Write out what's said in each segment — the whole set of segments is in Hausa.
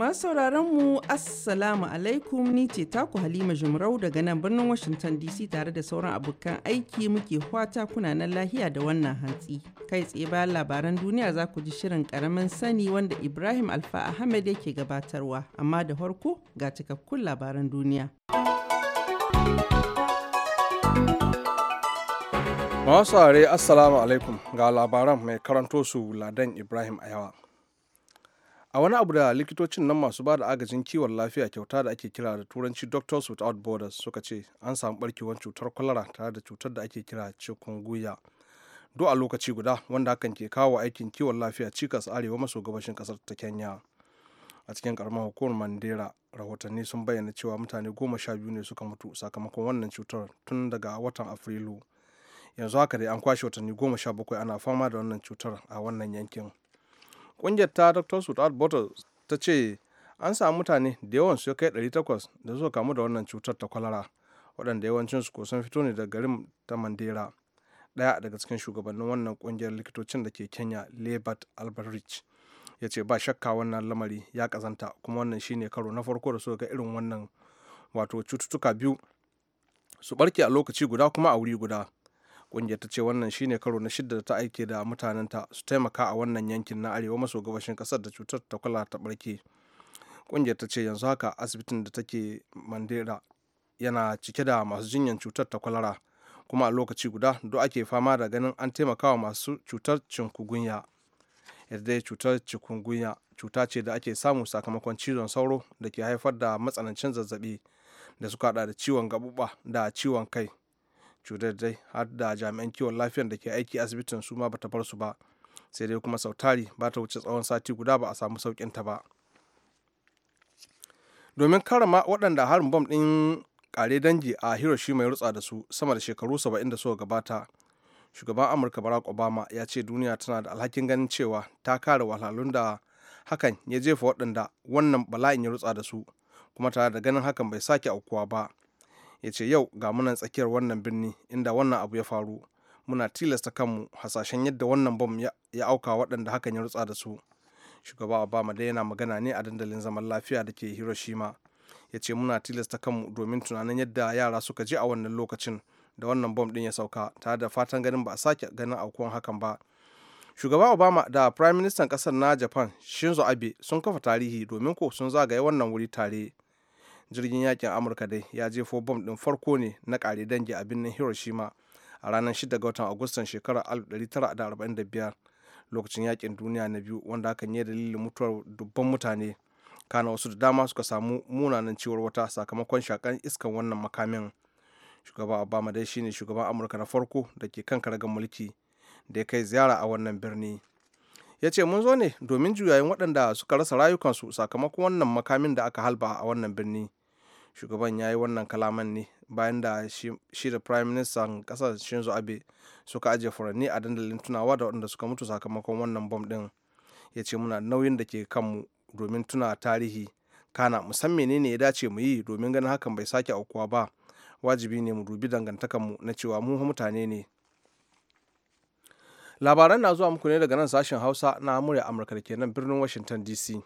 Masu sauraron mu Assalamu alaikum ni ce taku Halima Jumrau daga nan birnin Washington DC tare da sauran abokan aiki muke fata kuna nan lahiya da wannan hantsi. Kai tsaye bayan labaran duniya za ku ji shirin karamin sani wanda Ibrahim Alfa Ahmed yake gabatarwa amma da farko ga cikakkun labaran duniya. Masu Assalamu alaikum ga labaran mai karanto su Ladan Ibrahim Ayawa. a wani abu da likitocin nan masu ba da agajin kiwon lafiya kyauta da ake kira da turanci doctors without borders suka ce an samu barkewar cutar kwalara tare da cutar da ake kira guya do a lokaci guda wanda hakan ke kawo aikin kiwon lafiya cikas arewa maso gabashin kasar ta kenya a cikin karamar hukumar mandera rahotanni sun bayyana cewa mutane goma sha biyu ne suka mutu sakamakon wannan cutar tun daga watan afrilu yanzu haka dai an kwashe watanni goma sha bakwai ana fama da wannan cutar a wannan yankin ƙungiyar ta dr without borders ta ce an samu mutane da yawan su ya kai 800 da suka kamu da wannan cutar ta kwalara waɗanda yawancinsu ko sun fito ne daga garin ta mandera daya daga cikin shugabannin wannan kungiyar likitocin da ke kenya lebert rich ya ce ba shakka wannan lamari ya kazanta kuma wannan shine karo na farko da suka ga irin wannan wato cututtuka biyu su barke a lokaci guda kuma a wuri guda kungiyar ta ce wannan shine karo na shidda da ta aike da mutanenta su taimaka a wannan yankin na arewa maso gabashin kasar da cutar ta kula ta barke kungiyar ta ce yanzu haka asibitin da take mandera yana cike da masu jinyar cutar ta kwalara kuma a lokaci guda do ake fama da ganin an taimakawa masu cutar cinkugunya yadda cutar cikungunya cuta ce da ake samu sakamakon cizon sauro da ke haifar da matsanancin zazzabi da suka hada da ciwon gabuba da ciwon kai cutar dai har da jami'an kiwon lafiyar da ke aiki asibitin su ma bata bar su ba sai dai kuma sautari ba ta wuce tsawon sati guda ba a samu saukin ta ba domin karama waɗanda harin bom ɗin kare dangi a hiroshima ya rutsa da su sama da shekaru 70 da suka gabata shugaban amurka barack obama ya ce duniya tana da alhakin ganin cewa ta kare wahalhalun da hakan ya jefa waɗanda wannan bala'in ya rutsa da su kuma tare da ganin hakan bai sake aukuwa ba ya ce yau ga munan tsakiyar wannan birni inda wannan abu ya faru muna tilasta kanmu hasashen yadda wannan bom ya auka waɗanda hakan ya rutsa da su shugaba obama dai yana magana ne a dandalin zaman lafiya da ke hiroshima ya ce muna tilasta kanmu domin tunanin yadda yara suka ji a wannan lokacin da wannan bom ɗin ya sauka tare da fatan ganin ba a sake ganin aukuwan hakan ba shugaba obama da prime ministan kasar na japan shinzo abe sun kafa tarihi domin ko sun zagaye wannan wuri tare jirgin yakin amurka dai ya jefo bom din farko ne na kare dangi a birnin hiroshima a ranar 6 ga watan agustan shekarar 1945 lokacin yakin duniya na biyu wanda hakan yi dalilin mutuwar dubban mutane kana wasu da dama suka samu munanan ciwar wata sakamakon shakan iskan wannan makamin shugaban obama dai shine shugaban amurka na farko da ke kan karagar mulki da ya kai ziyara a wannan birni ya ce mun zo ne domin juyayin waɗanda suka rasa rayukansu sakamakon wannan makamin da aka halba a wannan birni shugaban ya yi wannan kalaman ne bayan da shi da prime minister kasar shinzo abe suka ajiye furanni a dandalin tunawa da waɗanda suka mutu sakamakon wannan bom ɗin ya ce muna nauyin da ke kanmu domin tuna tarihi kana musamman ne ya dace mu yi domin ganin hakan bai sake aukuwa ba wajibi ne mu dubi dangantakanmu na cewa mu mutane ne labaran na zuwa muku ne daga nan sashen hausa na murya amurka da ke nan birnin washington dc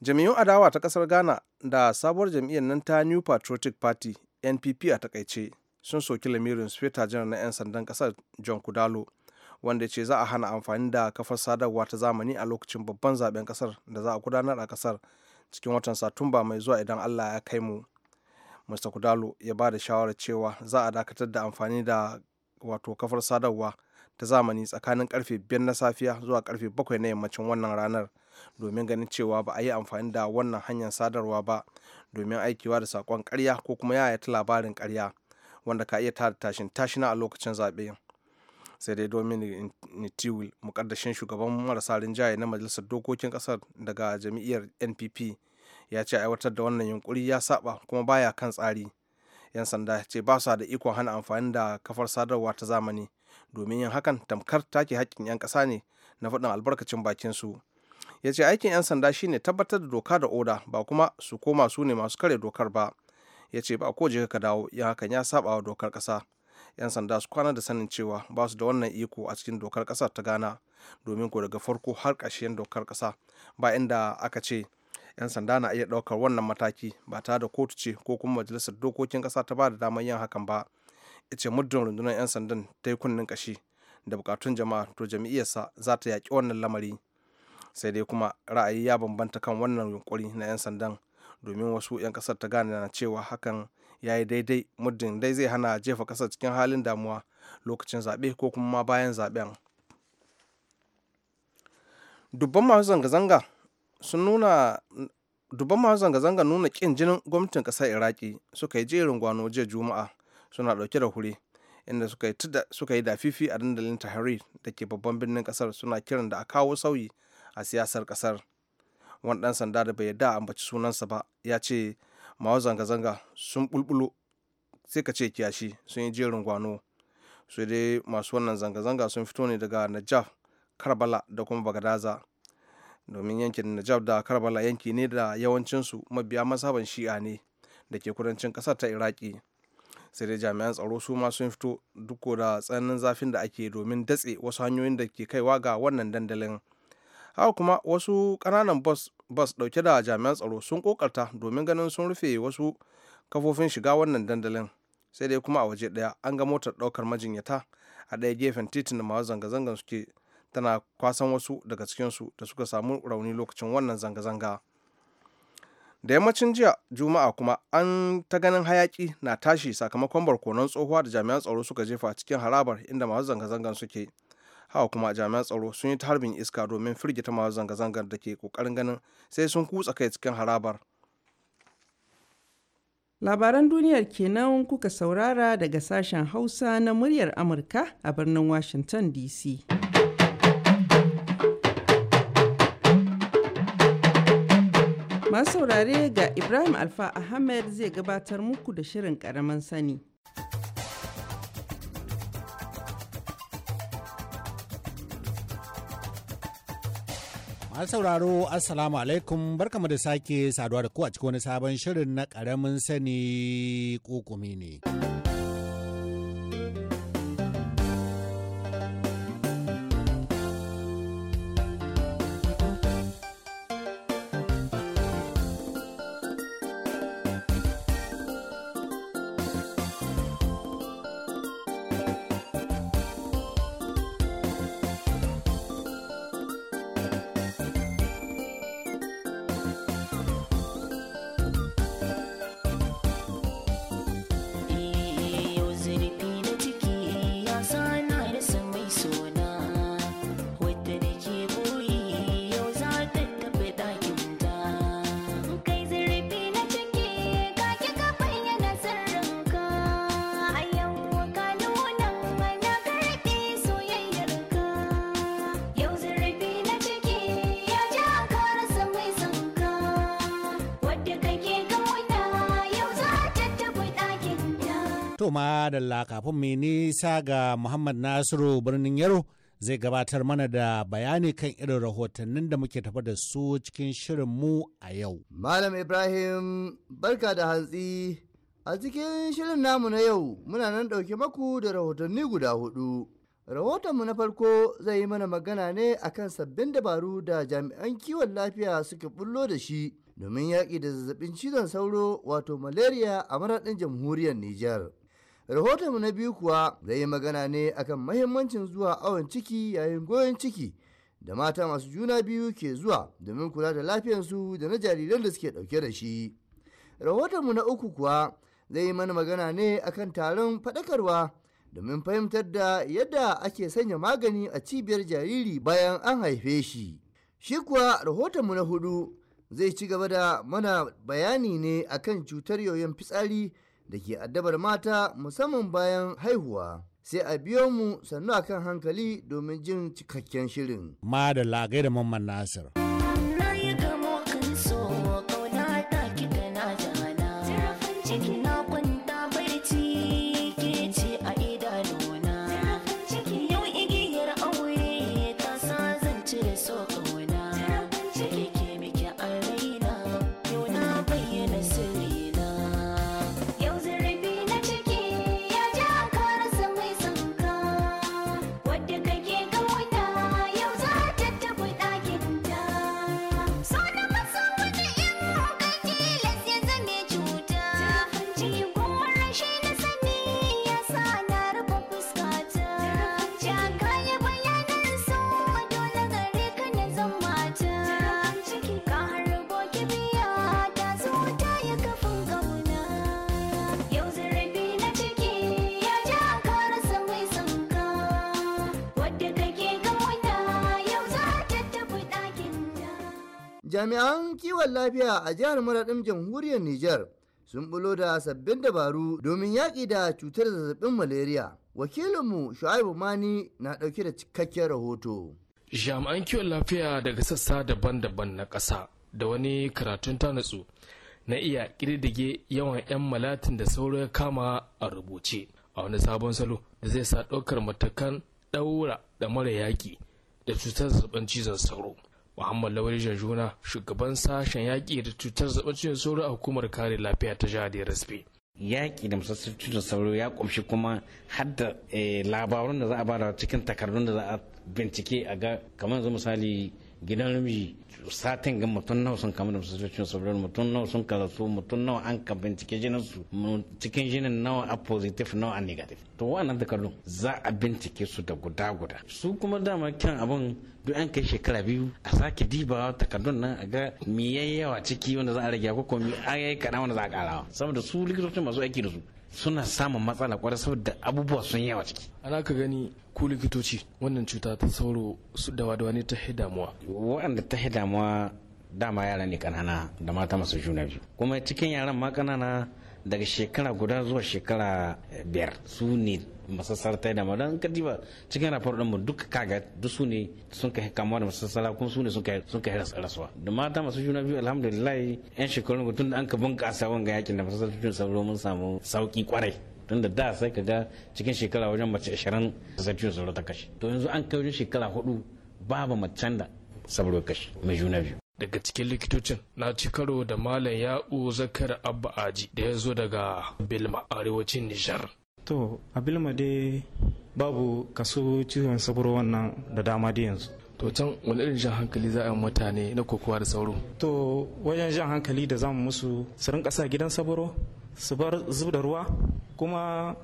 jami'un adawa ta kasar ghana da sabuwar jam'iyyar nan ta new patriotic party npp a takaice sun soki lamirin speta janar na 'yan sandan kasar john kudalo wanda ce za a hana amfani da kafar sadarwa ta zamani a lokacin babban zaben kasar da za a gudanar a kasar cikin watan satumba mai zuwa idan allah ya kai mu mr kudalo ya ba da shawarar cewa za a dakatar da amfani da wato kafar sadarwa ta zamani tsakanin karfe 5 na safiya zuwa karfe 7 na yammacin wannan ranar domin ganin cewa ba a yi amfani da wannan hanyar sadarwa ba domin aikiwa da sakon karya ko kuma yayata labarin karya wanda ka iya tada tashin tashina a lokacin zaɓe sai dai domin nitiwil mukaddashin shugaban marasa rinjaye na majalisar dokokin ƙasar daga jam'iyyar npp ya ce aiwatar da wannan yunkuri ya saba kuma baya kan tsari yan sanda ce ba su da ikon hana amfani da kafar sadarwa ta zamani domin yin hakan tamkar take haƙƙin 'yan ƙasa ne na faɗin albarkacin bakin su ya ce aikin 'yan sanda shine tabbatar da doka da oda ba kuma su koma su ne masu kare dokar ba ya ce ba ko je ka dawo ya hakan ya saba wa dokar ƙasa 'yan sanda su kwana da sanin cewa ba su da wannan iko a cikin dokar ƙasa ta gana domin ko daga farko har ƙarshen dokar ƙasa ba inda aka ce 'yan sanda na iya ɗaukar wannan mataki ba tare da kotu ce ko kuma majalisar dokokin ƙasa ta ba da damar yin hakan ba ce muddin rundunar 'yan sandan ta yi kunnen kashi da bukatun jama'a to jami'iyarsa za ta yaƙi wannan lamari sai dai kuma ra'ayi ya bambanta kan wannan yunkuri na 'yan sandan domin wasu 'yan kasar ta gane na cewa hakan ya yi daidai muddin dai zai hana jefa kasar cikin halin damuwa lokacin zaɓe ko kuma ma bayan zaɓen dubban masu zanga-zanga sun nuna dubban masu zanga-zanga nuna kin jinin gwamnatin ƙasar iraki suka yi jerin gwano jiya juma'a suna dauke da hure inda suka yi dafifi a dandalin tahrir da ke babban birnin kasar suna kiran da a kawo sauyi a siyasar kasar wani dan sanda da bai yarda a ambaci sunansa ba ya ce mawa zanga-zanga sun bulbulo sai ka ce kiyashi sun yi jerin gwano su dai masu wannan zanga-zanga sun fito ne daga najaf karbala da kuma bagadaza domin yankin najaf da karbala yanki ne da yawancinsu mabiya masaban shi'a ne da ke kudancin ƙasar ta iraki sai dai jami'an tsaro su ma sun fito duk da tsananin zafin da ake domin datse wasu hanyoyin da ke kaiwa ga wannan dandalin haka kuma wasu ƙananan bus bus ɗauke da jami'an tsaro sun kokarta domin ganin sun rufe wasu kafofin shiga wannan dandalin sai dai kuma a waje ɗaya an ga motar ɗaukar majinyata a ɗaya gefen titin da masu zanga-zangan suke tana kwasan wasu daga cikinsu da suka samu rauni lokacin wannan zanga-zanga da yammacin jiya juma'a kuma an ta ganin hayaki na tashi sakamakon barkonon tsohuwa da jami'an tsaro suka jefa cikin harabar inda masu zanga-zangan suke hawa kuma jami'an tsaro sun yi ta harbin iska domin firgita masu zanga-zangar da ke kokarin ganin sai sun kutsa kai cikin harabar labaran duniyar kenan kuka saurara daga sashen hausa na muryar amurka a birnin washington dc Masu saurare ga Ibrahim Alfa Ahmed zai gabatar muku da shirin ƙaramin sani. Masu sauraro Assalamu alaikum barkamu da sake saduwa da ku a cikin wani sabon shirin na karamin sani kokumi ne. To da lakafin mai nisa ga Muhammad Nasiru birnin Yaro zai gabatar mana da bayani kan irin rahotannin da muke tafa da su cikin shirin mu a yau. Malam Ibrahim barka da hantsi a cikin shirin namu na yau muna nan ɗauke maku da rahotanni guda hudu. Rahotonmu na farko zai yi mana magana ne akan sabbin dabaru da jami'an kiwon lafiya suke bullo da shi domin yaƙi da zazzabin cizon sauro wato malaria a maraɗin jamhuriyar Nijar. rahotonmu na biyu kuwa zai yi magana ne akan mahimmancin zuwa awon ciki yayin goyon ciki da mata masu juna biyu ke zuwa domin kula da lafiyarsu da na jariran da suke ɗauke da shi rahotonmu na uku kuwa zai yi mana magana ne akan taron faɗakarwa domin fahimtar da yadda ake sanya magani a cibiyar jariri bayan an haife shi shi kuwa rahotonmu na hudu zai ci gaba da mana bayani ne akan cutar yoyon fitsari da ke addabar mata musamman bayan haihuwa. Sai a biyo mu sannu a kan hankali domin jin cikakken shirin. Ma da lagai da Mamman Nasir. jami'an kiwon lafiya a jihar maradin jamhuriyar niger sun bulo da sabbin dabaru domin yaƙi da cutar zazzabin malaria wakilinmu shu'aibu mani na ɗauke da cikakken rahoto jami'an kiwon lafiya daga sassa daban-daban na ƙasa da wani karatun tanatsu na iya ƙididdige yawan 'yan malatin da sauro ya kama a rubuce a wani sabon salo da zai sa ɗaukar matakan ɗaura da mara yaƙi da cutar zazzabin cizon sauro Muhammad Lawari Janjuna shugaban sashen yaƙi da cutar zaɓen cin sauro a hukumar kare lafiya ta jihar Yarasbe. Yaƙi da musassar cutar sauro ya ƙumshi kuma har da eh, labarun da za a bada cikin takardun da za a bincike a ga kamar yanzu misali gidan namiji satin ga mutum nawa sun kamu da masasocin saboda mutum nawa sun karatu mutum nawa an ka bincike jinin su cikin jinin nawa a positive nawa a negative to wannan takardun za a bincike su da guda guda su kuma dama kyan abin duk an kai shekara biyu a sake dibawa takardun nan a ga me yayi yawa ciki wanda za a rage ko mi ayi kaɗan wanda za a karawa saboda su likitocin masu aiki da su suna samun matsala kwara saboda abubuwa sun yawa ciki ana ka gani ku likitoci wannan cuta ta sauro su dawa dawa ne ta damuwa waɗanda ta damuwa dama yara ne kanana da mata masu juna biyu kuma cikin yaran ma kanana daga shekara guda zuwa shekara biyar su ne ta masassarta da madan katiba cikin rafar din duka kaga duk su ne sun kai kamuwa da masassala kuma su ne sun kai rasuwa da mata masu juna biyu alhamdulillah yan shekaru tun da an ka bunkasa wanga yakin da masassar cikin sauro mun samu sauki kwarai tun da da sai ka ga cikin shekara wajen mace ashirin masassar cikin sauro ta kashe to yanzu an kai wajen shekara hudu babu macen da sauro kashe mai juna biyu daga cikin likitocin na ci karo da malam ya'u zakar abba aji da ya zo daga bilma arewacin nijar to a dai babu kaso ciwon saburo wannan da dama da yanzu to can wani irin jan hankali za a mutane na kokowa da sauro to wajen jan hankali da zamu musu su rinka gidan saburo su bar zub da ruwa kuma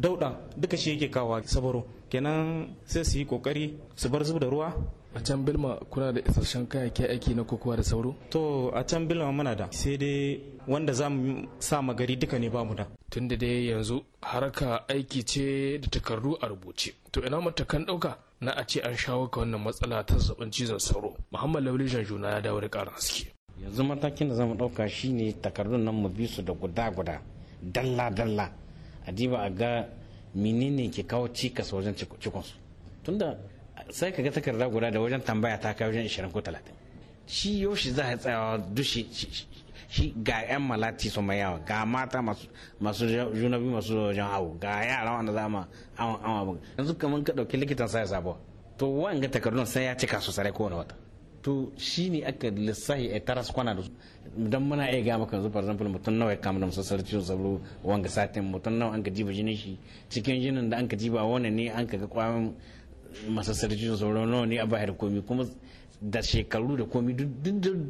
dauɗa duka shi yake kawo saburo kenan sai su yi kokari su bar zub da ruwa a can bilma kuna da isasshen kayayyaki aiki na kokowa da sauro to a can bilma muna da sai dai wanda za mu sa magari duka ne bamu da tun da dai yanzu haraka aiki ce da takardu a rubuce to ina matakan ɗauka na a ce an shawo ka wannan matsala ta zaɓin cizon sauro muhammad lauli juna ya dawo da ƙarin haske yanzu matakin da zamu ɗauka shine takardun nan mu bi su da guda guda dalla dalla a diba a ga menene ke kawo cikas wajen cikonsu tunda sai ka ga takarda guda da wajen tambaya ta kai wajen 20 ko 30 shi yoshi za a wa dushi shi ga 'yan malati su mai yawa ga mata masu juna biyu masu wajen awo ga yara wanda za ma awon awon yanzu kamar ka dauki likitan sai sabo to ga takardun sai ya cika su sarai kowane wata to shi ne aka lissahi a taras kwana da su don muna iya gama kan zufar example mutum nawa ya kama da musassar cikin sabro wanga satin mutum nawa an ka jiba jinin shi cikin jinin da an ka jiba wani ne an ka ga kwamin masassar cikin sauran nawa ne a bayar komi kuma da shekaru da komi duk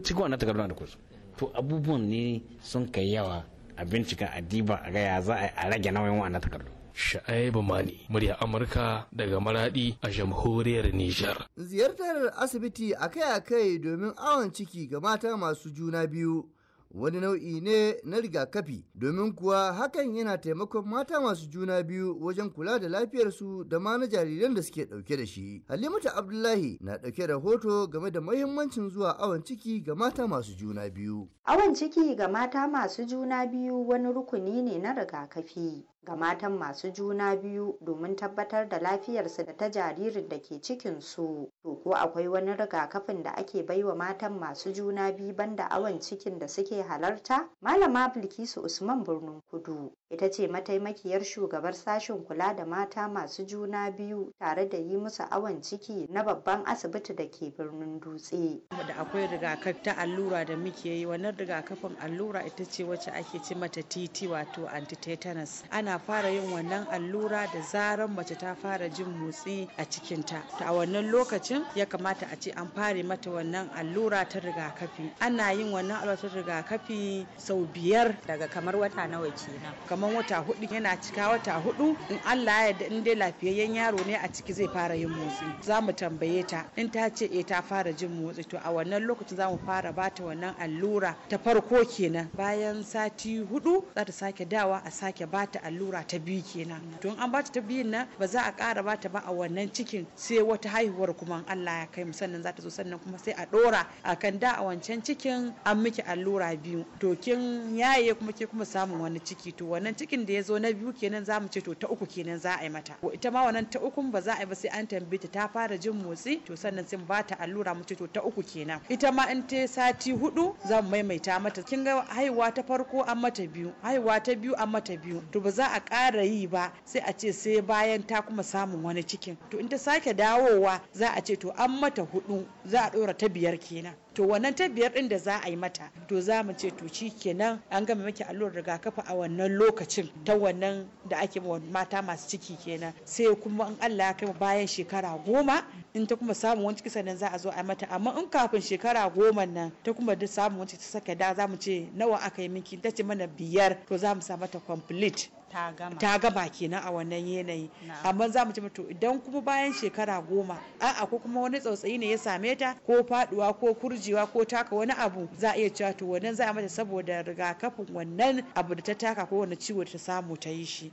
cikin wannan takardun da kusa to abubuwan ne sun kai yawa a bincika a diba a gaya za a rage nawayin wannan takardu Sha'aibu Mani, murya Amurka daga Maradi a jamhuriyar Nijar. Ziyartar asibiti akai-akai domin awon ciki ga mata masu juna biyu wani nau'i ne na rigakafi domin kuwa hakan yana taimakon mata masu juna biyu wajen kula da lafiyarsu da ma na jariran da suke ɗauke da shi. Halimatu Abdullahi na ɗauke da hoto game da mahimmancin zuwa awon ciki ga mata masu juna biyu. Awon ciki ga mata masu juna biyu wani rukuni ne na rigakafi ga matan masu juna biyu domin tabbatar da lafiyarsu da ta jaririn da ke cikinsu. To ko akwai wani rigakafin da ake baiwa matan masu juna biyu banda awon cikin da suke halarta? Malama Bilkisu Usman Birnin Kudu ita ce mataimakiyar shugabar sashen kula da mata masu juna biyu tare da yi musu awon ciki na babban asibiti da ke birnin dutse. da akwai rigakafi ta allura da muke yi wannan rigakafin allura ita ce wacce ake ce mata titi wato antitetanus ana fara yin wannan allura da zarar mace ta fara jin motsi a cikinta ta a wannan lokacin ya kamata a ce an fare mata wannan allura ta rigakafi ana yin wannan allura ta rigakafi sau biyar daga kamar wata nawa kenan kamar wata hudu yana cika wata hudu in Allah ya yarda in dai lafiyayyen yaro ne a ciki zai fara yin motsi za mu tambaye ta in ta ce eh ta fara jin motsi to a wannan lokacin za mu fara ba ta wannan allura ta farko kenan bayan sati hudu za ta sake dawa a sake ba ta allura ta biyu kenan tun an ba ta biyun nan ba za a kara ba ta ba a wannan cikin sai wata haihuwar kuma Allah ya kai mu sannan za ta zo sannan kuma sai a dora akan da a wancan cikin an miki allura biyu to kin yaye kuma ke kuma samun wani ciki to wannan wannan cikin da ya zo na biyu kenan za mu ce to ta uku kenan za a yi mata ita ma wannan ta ukun ba za a yi ba sai an tambaye ta ta fara jin motsi to sannan sun ba ta allura mu ce to ta uku kenan ita ma in ta sati hudu za mu maimaita mata kin ga haihuwa ta farko an mata biyu haihuwa ta biyu an mata biyu to ba za a ƙara yi ba sai a ce sai bayan ta kuma samun wani cikin to in ta sake dawowa za a ce to an mata hudu za a ɗora ta biyar kenan to wannan ta biyar din da za a yi mata to za mu ce to shi kenan an gama miki allurar rigakafi a wannan lokacin ta wannan da ake mata masu ciki kenan sai kuma in Allah ya kai bayan shekara goma in ta kuma samun wani ciki sannan za a zo a yi mata amma in kafin shekara goma nan ta kuma da samun wani ta saka da za mu ce nawa aka yi miki ta ce mana biyar to za mu sa mata complete ta gama kenan a wannan yanayi amma za mu ci to idan kuma bayan shekara goma a'a ko kuma wani tsautsayi ne ya same ta ko faduwa ko kurjewa ko taka wani abu za a iya cewa to wannan za a mata saboda rigakafin wannan abu da ta taka ko wani ciwo ta samu ta yi shi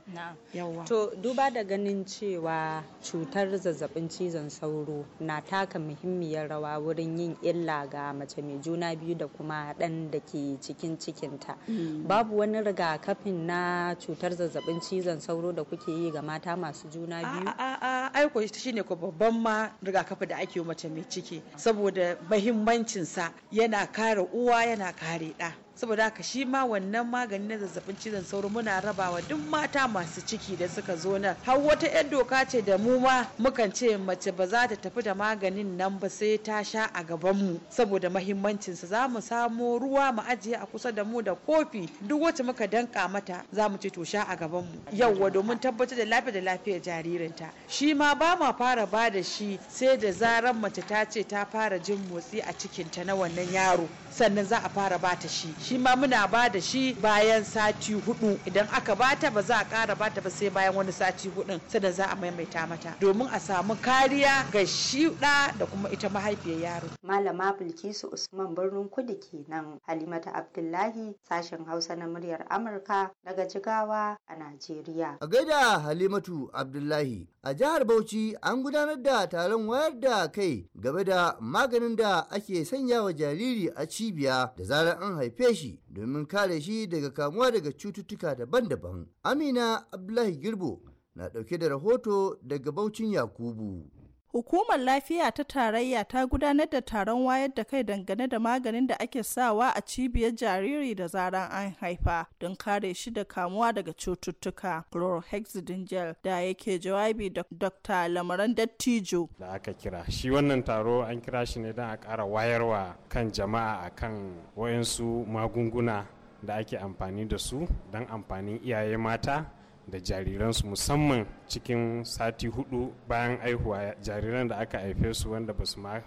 yawa to duba da ganin cewa cutar zazzabin cizon sauro na taka muhimmiyar rawa wurin yin illa ga mace mai juna biyu da kuma dan da ke cikin cikinta mm. babu wani rigakafin na cutar zazzabin zazzabin cizon sauro da kuke yi ga mata masu juna biyu a a a shine ko babban ma rigakafi da ake mace mai ciki saboda mahimmancinsa yana kare uwa yana kare ɗa saboda haka shi ma wannan magani na zazzabin cizon sauro muna rabawa duk mata masu ciki da suka zo nan har wata yar doka ce da mu ma mukan ce mace ba za ta tafi da maganin nan ba sai ta sha a gaban mu saboda mahimmancinsa za mu samo ruwa mu ajiye a kusa da mu da kofi duk wacce muka danka mata za mu ce to sha a gaban mu yauwa domin tabbatar da lafiya da lafiyar jaririnta shi ma ba ma fara ba da shi sai da zarar mace ta ce ta fara jin motsi a cikinta na wannan yaro sannan za a fara ba ta shi shi ma muna ba da shi bayan sati hudu idan aka bata ba za a kara bata ba sai bayan wani sati hudun sannan za a maimaita mata domin a samu kariya ga shi da da kuma ita mahaifiyar yaro malama bilkisu usman birnin kudu kenan halimata abdullahi sashen hausa na muryar amurka daga jigawa a najeriya a gaida halimatu abdullahi a jihar bauchi an gudanar da taron wayar da kai game da maganin da ake sanya wa jariri a cibiya da zarar an haife shi shi domin kare shi daga kamuwa daga cututtuka daban-daban. Amina Abdullahi Girbo na ɗauke da rahoto daga Baucin Yakubu. Hukumar Lafiya ta Tarayya ta gudanar da taron wayar da kai dangane da maganin da ake sawa a cibiyar jariri da zaran an haifa don kare shi da kamuwa daga cututtuka. Chlorhexidine gel da yake jawabi da Dr. Lamaran Dattijo. Da aka kira. Shi wannan taro an kira shi ne don a kara wayarwa kan jama'a a akan wayansu magunguna da ake amfani da su don amfanin iyaye mata da jariransu musamman cikin sati hudu bayan aihuwa jariran da aka haife su wanda ba su ma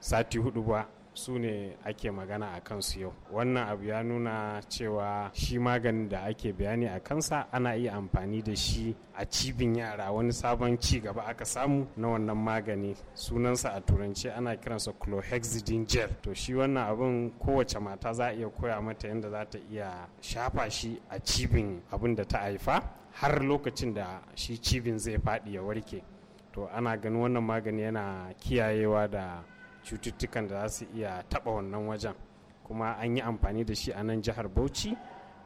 sati hudu ba su ne ake magana a kansu yau wannan abu ya nuna cewa shi maganin da ake bayani a kansa ana iya amfani da shi a cibin yara wani sabon ci gaba aka samu na wannan magani sunansa a turanci ana kiransa clohexidine gel to shi wannan abun kowace mata za a iya koya mata yadda za ta iya shafa shi a cibin abin da ta haifa har lokacin da shi cibin zai faɗi ya warke to ana ganin wannan magani yana kiyayewa da cututtukan da za su iya taɓa wannan wajen kuma an yi amfani da shi a nan jihar bauchi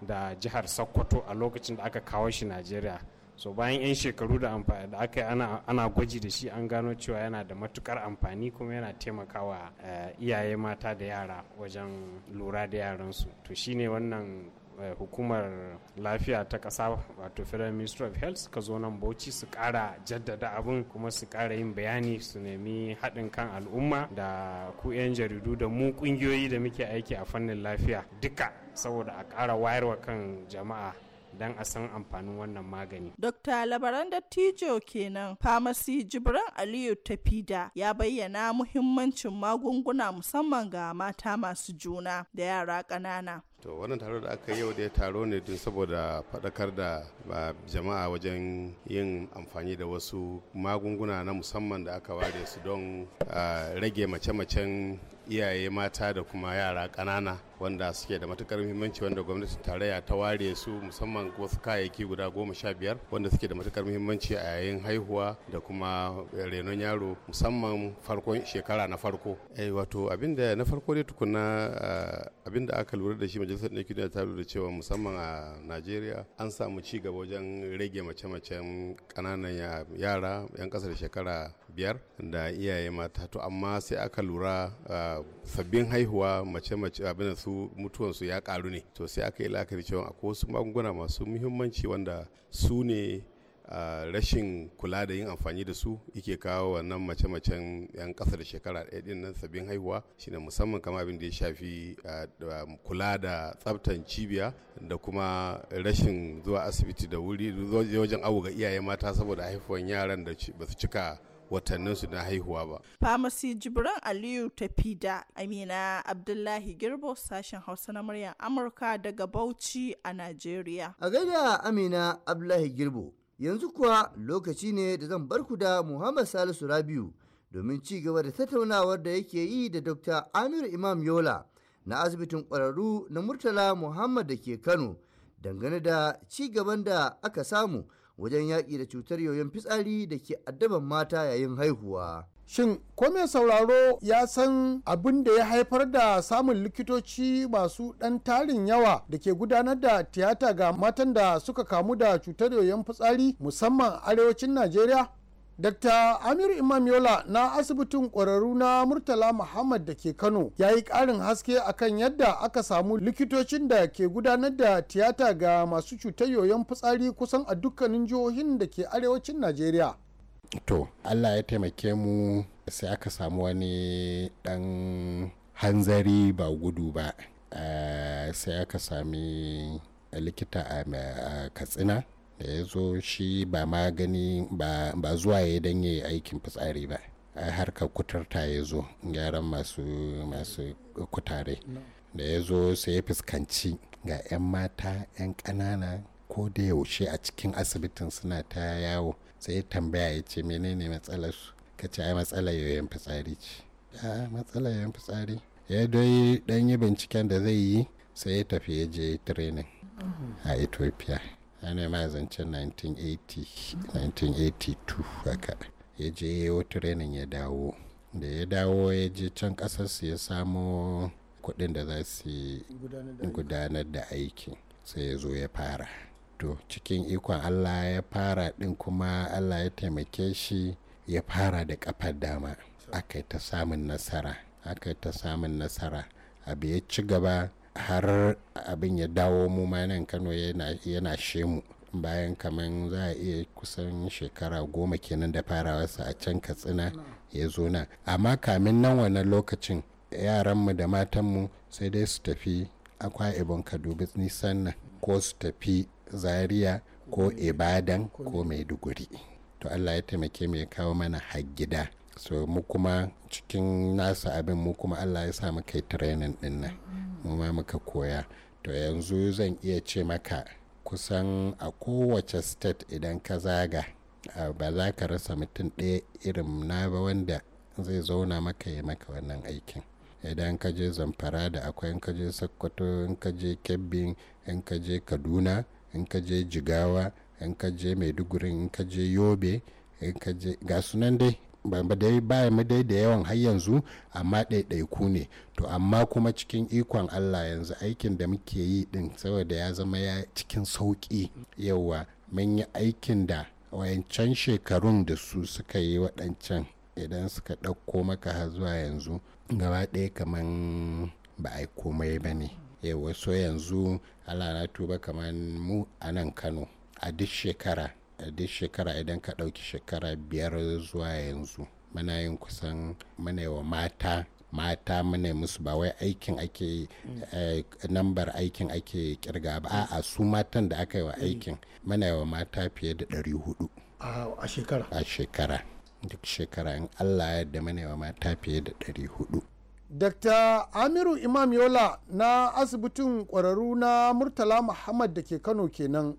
da jihar sokoto a lokacin da aka kawo shi najeriya so bayan 'yan shekaru da amfani da aka yi ana gwaji da shi an gano cewa yana da matukar amfani kuma yana taimakawa eh, iyaye mata da yara wajen lura da yaransu to shine wannan Eh, hukumar lafiya ta ƙasa wato federal ministry of health suka zo nan bauchi su ƙara jaddada abun kuma su kara yin bayani su nemi haɗin kan al'umma da ku 'yan jaridu da mu ƙungiyoyi da muke aiki a fannin lafiya duka saboda a ƙara wayarwa kan jama'a don a san amfanin wannan magani. dokta Labaran Dattijo kenan Famasi Jibran Aliyu Tafida ya bayyana muhimmancin magunguna musamman ga mata masu juna da yara ƙanana. to wannan taro da aka yau da taro ne don saboda faɗakar da jama'a wajen yin amfani da wasu magunguna na musamman da aka ware su don ah, rage mace-macen iyaye mata da kuma yara ƙanana wanda suke da matukar muhimmanci wanda gwamnatin tarayya ta ware su musamman wasu kayayyaki guda goma sha biyar wanda suke da matukar muhimmanci a yayin haihuwa da kuma renon yaro musamman farkon shekara na farko eh wato abinda na farko dai tukuna eh, abinda aka lura da shi majalisar ɗinkin duniya ta lura cewa musamman a najeriya an samu ci gaba wajen rage mace-macen ƙananan yara 'yan ƙasar shekara biyar da iyaye mata to amma sai aka lura sabbin haihuwa mace-mace abin su mutuwansu ya karu ne to sai aka yi la'akari cewa akwai wasu magunguna masu muhimmanci wanda su ne rashin kula da yin amfani da su yake kawo wannan mace-macen 'yan kasa da shekara ɗaya ɗin nan sabbin haihuwa shine musamman kama abin da ya shafi kula da tsabtan cibiya da kuma rashin zuwa asibiti da wuri wajen awo ga iyaye mata saboda haihuwan yaran da basu cika watanninsu na haihuwa ba. Famasi Jibran Aliyu da Amina Abdullahi Girbo sashen Hausa na muryar Amurka daga Bauchi a Najeriya. A gaida Amina Abdullahi Girbo yanzu kuwa lokaci ne da zan barku da Muhammad Salisu Rabiu domin ci gaba da tattaunawar da yake yi da Dr. Amir Imam Yola na asibitin ƙwararru na Murtala Muhammad da ke Kano dangane da ci gaban da aka samu wajen yaƙi da cutar yoyon fitsari da ke addaban mata yayin haihuwa. Shin ko mai sauraro ya san abin da ya haifar da samun likitoci masu ɗan tarin yawa da ke gudanar da tiyata ga matan da suka kamu da cutar yoyon fitsari musamman arewacin Najeriya? dakta Amir Imam Yola na asibitin ƙwararru na Murtala Muhammad da ke Kano ya yi ƙarin haske akan yadda aka samu likitocin da ke gudanar da tiyata ga masu cutar yoyon fitsari kusan a dukkanin jihohin da ke arewacin Najeriya. To, Allah ya taimake mu sai aka samu wani ɗan hanzari ba gudu ba. Eh, sai aka sami likita a Katsina da ya zo shi ba magani ba zuwa ya dan yi aikin fitsari ba a harkar kuturta ya zo gyaran masu kutare da ya zo sai ya fuskanci ga 'yan mata 'yan ƙanana ko da yaushe a cikin asibitin suna ta yawo sai tambaya ya ce menene matsalar su ka ce ai matsalar yoyon fitsari ce a matsalar yoyon fitsari ya dai dan yi binciken da zai yi sai ya tafi ya je training a ethiopia ana ma zancen 1980 1982 haka ya je wata renin ya dawo da ya dawo ya je can kasar su ya samo kuɗin da za su gudanar da aiki sai ya zo ya fara to cikin ikon allah ya fara ɗin kuma allah ya taimake shi ya fara da ƙafar dama aka ta samun nasara aka ta samun nasara abu ya ci gaba har abin ya dawo mu ma nan kano yana shemu bayan kamar za a iya kusan shekara goma kenan da farawarsa a can katsina ya zo na amma kamin nan wannan lokacin yaranmu da matanmu sai dai su tafi akwa ibon kadubi nisan nan ko su tafi zaria ko ibadan ko maiduguri to allah ya taimake mu ya kawo mana hagida so mu kuma cikin nasa abin mu kuma allah ya sa mu kai training din mu ma muka koya to yanzu zan iya ce maka kusan a kowace state idan ka zaga ba za ka rasa mutum ɗaya irin na ba wanda zai zauna maka ya maka wannan aikin idan ka je zamfara da akwai in ka je sokoto in ka je kebbi in ka je kaduna in ka je jigawa in ka je maiduguri in ka je yobe in ka je ga sunan dai ba mu dai da yawan har yanzu amma ɗaiɗaiku ne to amma kuma cikin ikon allah yanzu aikin da muke yi ɗin saboda ya zama ya cikin sauƙi yauwa mun yi aikin da wayancan shekarun da su suka yi waɗancan idan suka ɗauko maka har zuwa yanzu gaba ɗaya kamar ba a yi komai ba ne yauwa so yanzu allah na tuba kamar mu a nan kano a duk shekara duk shekara idan ka ɗauki shekara biyar zuwa yanzu muna yin kusan muna wa mata mata muna musu ba wai aikin ake eh, nambar aikin ake kirga ba a su matan da aka yi wa mm. aikin muna wa mata fiye da 400 a shekara a shekara duk shekara in allah yadda muna wa mata fiye da 400 Dr. Amiru Imam Yola na asibitin ƙwararru na Murtala Muhammad da ke Kano kenan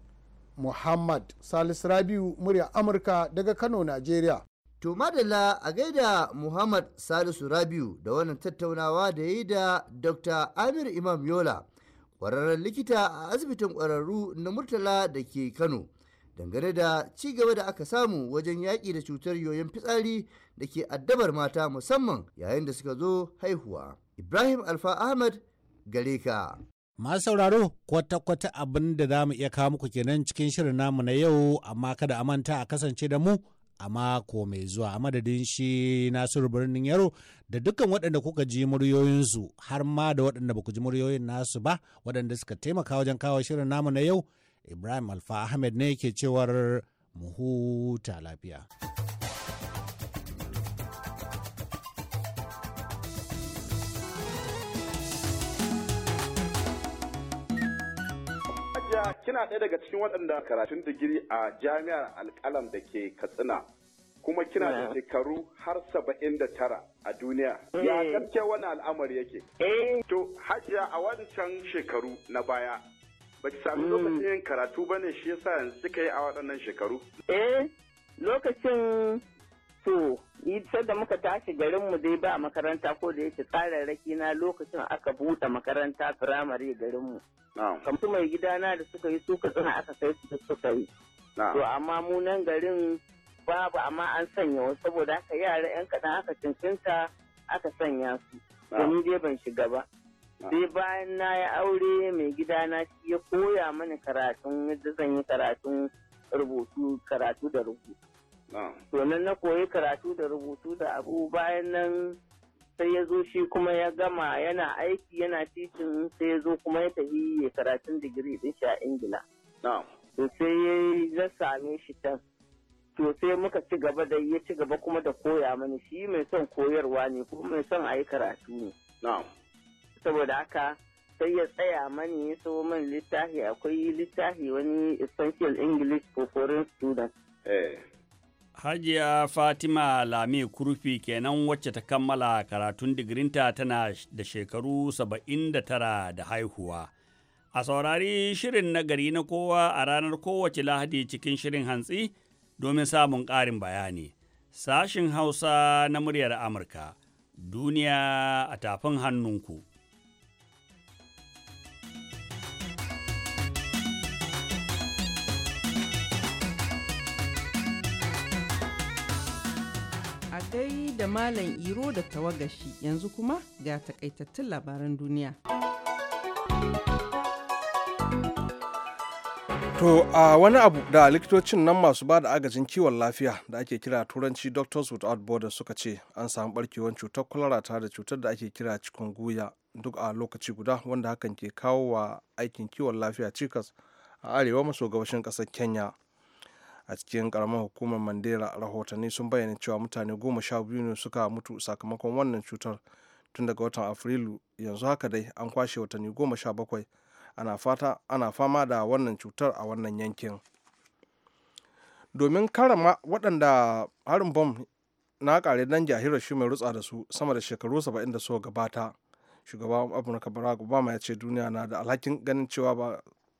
muhammad salis rabiu murya amurka daga kano najeriya to madalla a gaida muhammad salisu rabiu da wannan tattaunawa da yi da dr amir imam yola kwararren likita a asibitin ƙwararru na murtala da ke kano dangane da ci gaba da aka samu wajen yaƙi da cutar yoyon fitsari da ke addabar mata musamman yayin da suka zo haihuwa ibrahim alfa ahmad gare Masu sauraro kwata-kwata abin da za mu iya kawo muku kenan cikin shirin namu na yau amma kada a manta a kasance da mu a mako mai zuwa a madadin shi nasiru birnin yaro da dukkan waɗanda kuka ji muryoyinsu har ma da waɗanda ba ku ji muryoyin nasu ba waɗanda suka taimaka wajen kawo shirin namu na yau ibrahim alfa ahmed ne ke cewar mu huta lafiya. kina ɗaya daga cikin waɗanda karatun digiri a jami'ar alƙalam da ke Katsina kuma kina da shekaru har saba'in da tara a duniya. Ya hmm. gaske wani al'amari yake. Hmm. To Hajiya a wancan shekaru na baya ba ki sami hmm. lokacin yin karatu ba ne shi yasa yanzu kika yi a waɗannan shekaru? Eh lokacin To, sai da muka tashi garinmu dai ba makaranta ko da yake tsararraki na lokacin aka buɗe makaranta firamare garinmu. Kamtu mai gidana da suka yi suka tsina aka kai su da suka yi. To, amma mu garin babu amma an sanya wasu saboda haka yara 'yan kaɗan aka cincinta aka sanya su. Domin dai ban shiga ba. Sai bayan na ya aure mai gidana shi ya koya mani karatun yadda zan yi karatun rubutu karatu da rubutu. to nan na koyi karatu da rubutu da abu bayan nan sai ya zo shi kuma ya gama yana aiki yana titin sai ya zo kuma ya tafi ya karatun digiri din shi a ingila to sai ya same shi can to sai muka ci gaba da ya ci gaba kuma da koya mani shi mai son koyarwa ne kuma mai son a yi karatu ne saboda haka sai ya tsaya mani ya so man littafi akwai littafi wani essential english for foreign students eh. Hajiya Fatima Lami Kurfi kenan wacce ta kammala karatun digirinta tana da shekaru 79 da haihuwa. A saurari shirin nagari na kowa a ranar kowace lahadi cikin shirin hantsi domin samun ƙarin bayani. Sashin Hausa na muryar Amurka, duniya a tafin hannunku. dai da Malam Iro da tawagashi yanzu kuma ga takaitattun labaran duniya. To a wani abu da likitocin nan masu ba da agajin kiwon lafiya da ake kira turanci Doctors Without Borders suka ce an samu barkewar cutar kwalara tare da cutar da ake kira cikin guya duk a lokaci guda wanda hakan ke kawo wa aikin kiwon lafiya cikas a arewa maso gabashin ƙasar Kenya. a cikin karamar hukumar mandela rahotanni sun bayyana cewa mutane goma sha biyu ne suka mutu sakamakon wannan cutar tun daga watan afrilu yanzu haka dai an kwashe watanni goma sha bakwai ana fama da wannan cutar a wannan yankin domin karama waɗanda harin bom na kare dan jahirar shi mai rutsa da su sama da shekaru saba'in da suka gabata shugaban amurka barack obama ya ce duniya na da alhakin ganin cewa ba